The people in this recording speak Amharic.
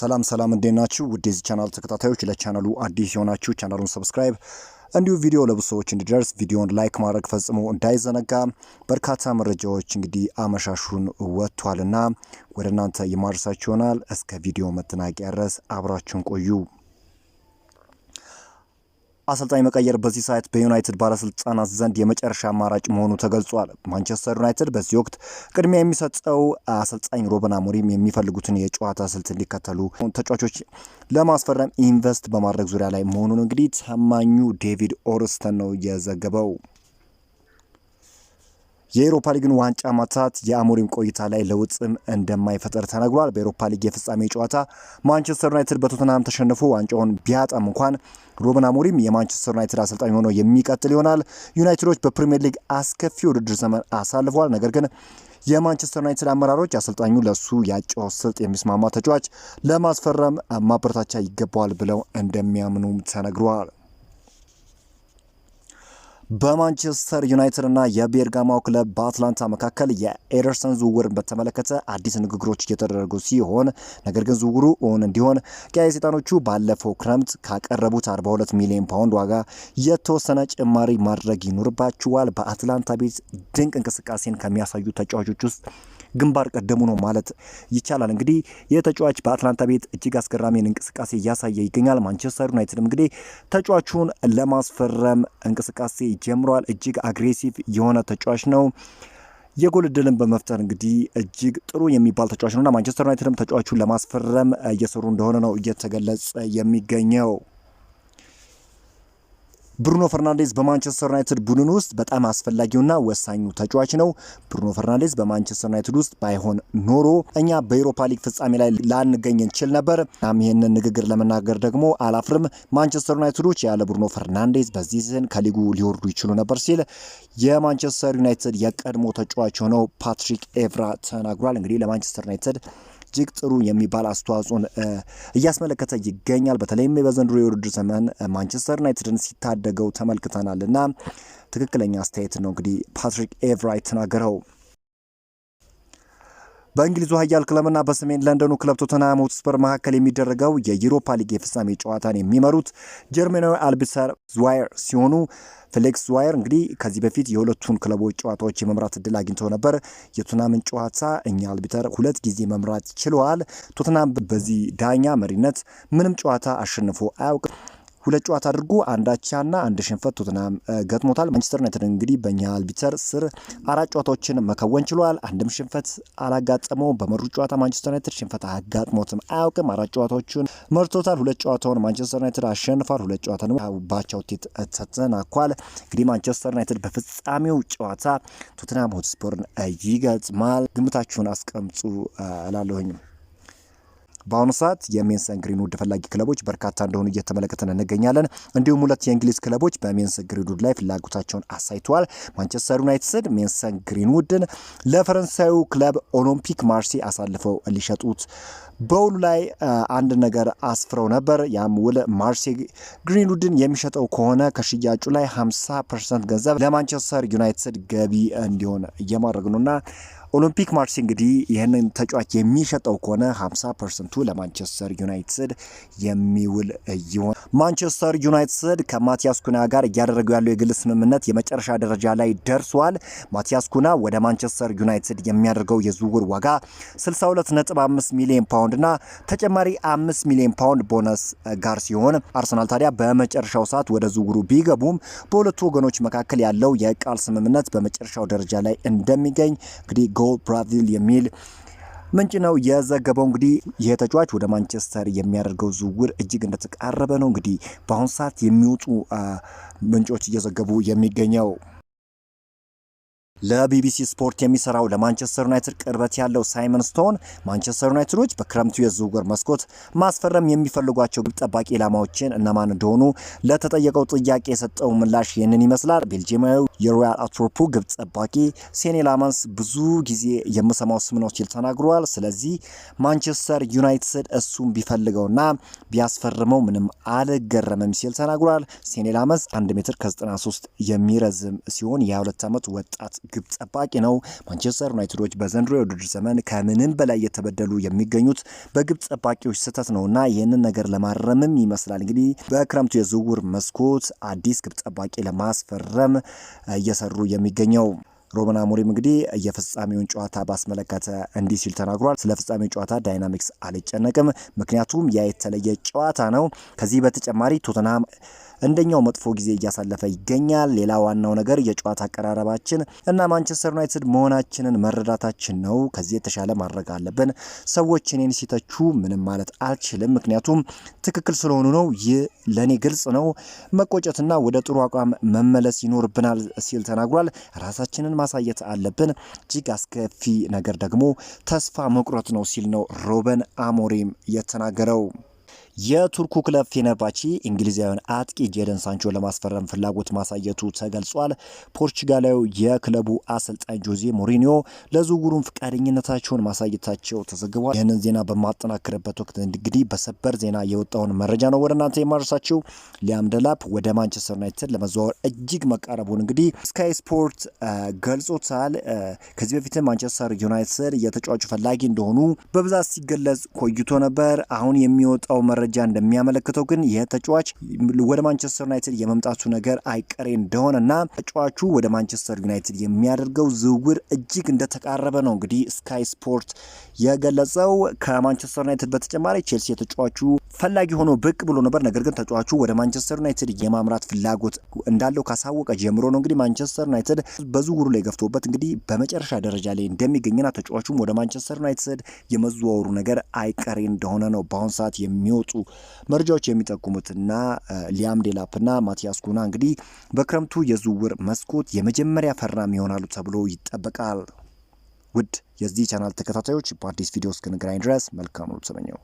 ሰላም ሰላም፣ እንዴት ናችሁ? ውድ የዚህ ቻናል ተከታታዮች፣ ለቻናሉ አዲስ የሆናችሁ ቻናሉን ሰብስክራይብ እንዲሁም ቪዲዮ ለብዙ ሰዎች እንዲደርስ ቪዲዮን ላይክ ማድረግ ፈጽሞ እንዳይዘነጋ። በርካታ መረጃዎች እንግዲህ አመሻሹን ወጥቷልና ወደ እናንተ የማድረሳችሁ ይሆናል። እስከ ቪዲዮ መጠናቂያ ድረስ አብራችሁን ቆዩ። አሰልጣኝ መቀየር በዚህ ሰዓት በዩናይትድ ባለስልጣናት ዘንድ የመጨረሻ አማራጭ መሆኑ ተገልጿል። ማንቸስተር ዩናይትድ በዚህ ወቅት ቅድሚያ የሚሰጠው አሰልጣኝ ሮበን አሞሪም የሚፈልጉትን የጨዋታ ስልት እንዲከተሉ ተጫዋቾች ለማስፈረም ኢንቨስት በማድረግ ዙሪያ ላይ መሆኑን እንግዲህ ታማኙ ዴቪድ ኦርስተን ነው የዘገበው። የኤሮፓ ሊግን ዋንጫ ማጥታት የአሞሪም ቆይታ ላይ ለውጥም እንደማይፈጠር ተነግሯል። በኤሮፓ ሊግ የፍጻሜ ጨዋታ ማንቸስተር ዩናይትድ በቶተናም ተሸንፎ ዋንጫውን ቢያጣም እንኳን ሮብን አሞሪም የማንቸስተር ዩናይትድ አሰልጣኝ ሆኖ የሚቀጥል ይሆናል። ዩናይትዶች በፕሪምየር ሊግ አስከፊ ውድድር ዘመን አሳልፈዋል። ነገር ግን የማንቸስተር ዩናይትድ አመራሮች አሰልጣኙ ለሱ ያጫወት ስልጥ የሚስማማ ተጫዋች ለማስፈረም ማበረታቻ ይገባዋል ብለው እንደሚያምኑም ተነግሯል። በማንቸስተር ዩናይትድ እና የቤርጋማው ክለብ በአትላንታ መካከል የኤደርሰን ዝውውርን በተመለከተ አዲስ ንግግሮች እየተደረጉ ሲሆን ነገር ግን ዝውውሩ እውን እንዲሆን ቀይ ሰይጣኖቹ ባለፈው ክረምት ካቀረቡት 42 ሚሊዮን ፓውንድ ዋጋ የተወሰነ ጭማሪ ማድረግ ይኖርባቸዋል። በአትላንታ ቤት ድንቅ እንቅስቃሴን ከሚያሳዩ ተጫዋቾች ውስጥ ግንባር ቀደሙ ነው ማለት ይቻላል። እንግዲህ የተጫዋች በአትላንታ ቤት እጅግ አስገራሚን እንቅስቃሴ እያሳየ ይገኛል። ማንቸስተር ዩናይትድ እንግዲህ ተጫዋቹን ለማስፈረም እንቅስቃሴ ጀምሯል። እጅግ አግሬሲቭ የሆነ ተጫዋች ነው። የጎል እድልን በመፍጠር እንግዲህ እጅግ ጥሩ የሚባል ተጫዋች እና ማንቸስተር ዩናይትድም ተጫዋቹን ለማስፈረም እየሰሩ እንደሆነ ነው እየተገለጸ የሚገኘው። ብሩኖ ፈርናንዴዝ በማንቸስተር ዩናይትድ ቡድን ውስጥ በጣም አስፈላጊውና ወሳኙ ተጫዋች ነው። ብሩኖ ፈርናንዴዝ በማንቸስተር ዩናይትድ ውስጥ ባይሆን ኖሮ እኛ በኤሮፓ ሊግ ፍጻሜ ላይ ላንገኝ እንችል ነበር። እናም ይህንን ንግግር ለመናገር ደግሞ አላፍርም። ማንቸስተር ዩናይትዶች ያለ ብሩኖ ፈርናንዴዝ በዚህ ሲዝን ከሊጉ ሊወርዱ ይችሉ ነበር ሲል የማንቸስተር ዩናይትድ የቀድሞ ተጫዋች የሆነው ፓትሪክ ኤቭራ ተናግሯል። እንግዲህ ለማንቸስተር ዩናይትድ እጅግ ጥሩ የሚባል አስተዋጽኦን እያስመለከተ ይገኛል። በተለይም በዘንድሮ የውድድር ዘመን ማንቸስተር ዩናይትድን ሲታደገው ተመልክተናል እና ትክክለኛ አስተያየት ነው እንግዲህ ፓትሪክ ኤቭራ የተናገረው። በእንግሊዙ ኃያል ክለብና በሰሜን ለንደኑ ክለብ ቶተንሃም ሆትስፐር መካከል የሚደረገው የዩሮፓ ሊግ የፍጻሜ ጨዋታን የሚመሩት ጀርመናዊ አልቢሰር ዝዋየር ሲሆኑ ፍሌክስ ዝዋየር እንግዲህ ከዚህ በፊት የሁለቱን ክለቦች ጨዋታዎች የመምራት እድል አግኝተው ነበር። የቶተንሃምን ጨዋታ እኛ አልቢተር ሁለት ጊዜ መምራት ችለዋል። ቶተንሃም በዚህ ዳኛ መሪነት ምንም ጨዋታ አሸንፎ አያውቅም። ሁለት ጨዋታ አድርጎ አንድ አቻና አንድ ሽንፈት ቶትናም ገጥሞታል። ማንቸስተር ዩናይትድ እንግዲህ በእኛ አልቢተር ስር አራት ጨዋታዎችን መከወን ችሏል። አንድም ሽንፈት አላጋጠመው። በመሩ ጨዋታ ማንቸስተር ዩናይትድ ሽንፈት አጋጥሞትም አያውቅም። አራት ጨዋታዎችን መርቶታል። ሁለት ጨዋታውን ማንቸስተር ዩናይትድ አሸንፏል። ሁለት ጨዋታ ባቻ ውጤት ተተናኳል። እንግዲህ ማንቸስተር ዩናይትድ በፍጻሜው ጨዋታ ቶትናም ሆትስፖርን ይገጥማል። ግምታችሁን አስቀምጡ እላለሁኝ። በአሁኑ ሰዓት የሜንሰን ግሪን ውድ ፈላጊ ክለቦች በርካታ እንደሆኑ እየተመለከተን እንገኛለን። እንዲሁም ሁለት የእንግሊዝ ክለቦች በሜንስ ግሪንውድ ላይ ፍላጎታቸውን አሳይተዋል። ማንቸስተር ዩናይትድ ሜንሰን ግሪንውድን ለፈረንሳዩ ክለብ ኦሎምፒክ ማርሴ አሳልፈው ሊሸጡት በውሉ ላይ አንድ ነገር አስፍረው ነበር። ያም ውል ማርሴ ግሪንውድን የሚሸጠው ከሆነ ከሽያጩ ላይ 50 ፐርሰንት ገንዘብ ለማንቸስተር ዩናይትድ ገቢ እንዲሆን እየማድረግ ነውና ኦሎምፒክ ማርሴ እንግዲህ ይህንን ተጫዋች የሚሸጠው ከሆነ 50 ፐርሰንቱ ለማንቸስተር ዩናይትድ የሚውል ይሆን። ማንቸስተር ዩናይትድ ከማቲያስ ኩና ጋር እያደረገው ያለው የግል ስምምነት የመጨረሻ ደረጃ ላይ ደርሷል። ማቲያስ ኩና ወደ ማንቸስተር ዩናይትድ የሚያደርገው የዝውውር ዋጋ 62.5 ሚሊዮን ፓውንድ ፓውንድ እና ተጨማሪ አምስት ሚሊዮን ፓውንድ ቦነስ ጋር ሲሆን አርሰናል ታዲያ በመጨረሻው ሰዓት ወደ ዝውውሩ ቢገቡም በሁለቱ ወገኖች መካከል ያለው የቃል ስምምነት በመጨረሻው ደረጃ ላይ እንደሚገኝ እንግዲህ ጎ ብራዚል የሚል ምንጭ ነው የዘገበው። እንግዲህ ይሄ ተጫዋች ወደ ማንቸስተር የሚያደርገው ዝውውር እጅግ እንደተቃረበ ነው እንግዲህ በአሁኑ ሰዓት የሚወጡ ምንጮች እየዘገቡ የሚገኘው። ለቢቢሲ ስፖርት የሚሰራው ለማንቸስተር ዩናይትድ ቅርበት ያለው ሳይመን ስቶን ማንቸስተር ዩናይትዶች በክረምቱ የዝውውር መስኮት ማስፈረም የሚፈልጓቸው ግብ ጠባቂ ኢላማዎችን እነማን እንደሆኑ ለተጠየቀው ጥያቄ የሰጠው ምላሽ ይህንን ይመስላል። ቤልጂማዊው የሮያል አትሮፑ ግብ ጠባቂ ሴኔ ላመንስ ብዙ ጊዜ የምሰማው ስም ነው ሲል ተናግሯል። ስለዚህ ማንቸስተር ዩናይትድ እሱም ቢፈልገውና ቢያስፈርመው ምንም አልገረምም ሲል ተናግሯል። ሴኔ ላመንስ 1 ሜትር ከ93 የሚረዝም ሲሆን የ22 ዓመት ወጣት ግብ ጠባቂ ነው። ማንቸስተር ዩናይትዶች በዘንድሮ የውድድር ዘመን ከምንም በላይ የተበደሉ የሚገኙት በግብ ጠባቂዎች ስህተት ነውና ይህንን ነገር ለማረምም ይመስላል እንግዲህ በክረምቱ የዝውውር መስኮት አዲስ ግብ ጠባቂ ለማስፈረም እየሰሩ የሚገኘው። ሮበን አሞሪም እንግዲህ የፍጻሜውን ጨዋታ ባስመለከተ እንዲህ ሲል ተናግሯል። ስለ ፍጻሜው ጨዋታ ዳይናሚክስ አልጨነቅም፣ ምክንያቱም ያ የተለየ ጨዋታ ነው። ከዚህ በተጨማሪ ቶተንሃም እንደኛው መጥፎ ጊዜ እያሳለፈ ይገኛል። ሌላ ዋናው ነገር የጨዋታ አቀራረባችን እና ማንቸስተር ዩናይትድ መሆናችንን መረዳታችን ነው። ከዚህ የተሻለ ማድረግ አለብን። ሰዎች እኔን ሲተቹ ምንም ማለት አልችልም፣ ምክንያቱም ትክክል ስለሆኑ ነው። ይህ ለእኔ ግልጽ ነው። መቆጨትና ወደ ጥሩ አቋም መመለስ ይኖርብናል ሲል ተናግሯል። ራሳችንን ማሳየት አለብን። እጅግ አስከፊ ነገር ደግሞ ተስፋ መቁረጥ ነው ሲል ነው ሮበን አሞሪም የተናገረው። የቱርኩ ክለብ ፌነርባቺ እንግሊዛዊውን አጥቂ ጄደን ሳንቾ ለማስፈረም ፍላጎት ማሳየቱ ተገልጿል። ፖርቹጋላዊ የክለቡ አሰልጣኝ ጆዜ ሞሪኒዮ ለዝውውሩን ፈቃደኝነታቸውን ማሳየታቸው ተዘግቧል። ይህንን ዜና በማጠናክርበት ወቅት እንግዲህ በሰበር ዜና የወጣውን መረጃ ነው ወደ እናንተ የማድረሳቸው። ሊያም ደላፕ ወደ ማንቸስተር ዩናይትድ ለመዘዋወር እጅግ መቃረቡን እንግዲህ ስካይ ስፖርት ገልጾታል። ከዚህ በፊት ማንቸስተር ዩናይትድ የተጫዋቹ ፈላጊ እንደሆኑ በብዛት ሲገለጽ ቆይቶ ነበር። አሁን የሚወጣው መረጃ መረጃ እንደሚያመለክተው ግን ይህ ተጫዋች ወደ ማንቸስተር ዩናይትድ የመምጣቱ ነገር አይቀሬ እንደሆነና ተጫዋቹ ወደ ማንቸስተር ዩናይትድ የሚያደርገው ዝውውር እጅግ እንደተቃረበ ነው እንግዲህ ስካይ ስፖርት የገለጸው። ከማንቸስተር ዩናይትድ በተጨማሪ ቼልሲ የተጫዋቹ ፈላጊ ሆኖ ብቅ ብሎ ነበር። ነገር ግን ተጫዋቹ ወደ ማንቸስተር ዩናይትድ የማምራት ፍላጎት እንዳለው ካሳወቀ ጀምሮ ነው እንግዲህ ማንቸስተር ዩናይትድ በዝውውሩ ላይ ገፍቶበት እንግዲህ በመጨረሻ ደረጃ ላይ እንደሚገኝና ተጫዋቹም ወደ ማንቸስተር ዩናይትድ የመዘዋወሩ ነገር አይቀሬ እንደሆነ ነው በአሁኑ ሰዓት የሚወጡ መረጃዎች እና ሊያም ዴላፕና ማቲያስ ኩና እንግዲህ በክረምቱ የዝውውር መስኮት የመጀመሪያ ፈራሚ ይሆናሉ ተብሎ ይጠበቃል። ውድ የዚህ ቻናል ተከታታዮች በአዲስ ቪዲዮ እስክንግራኝ ድረስ መልካም ነው ተመኘው።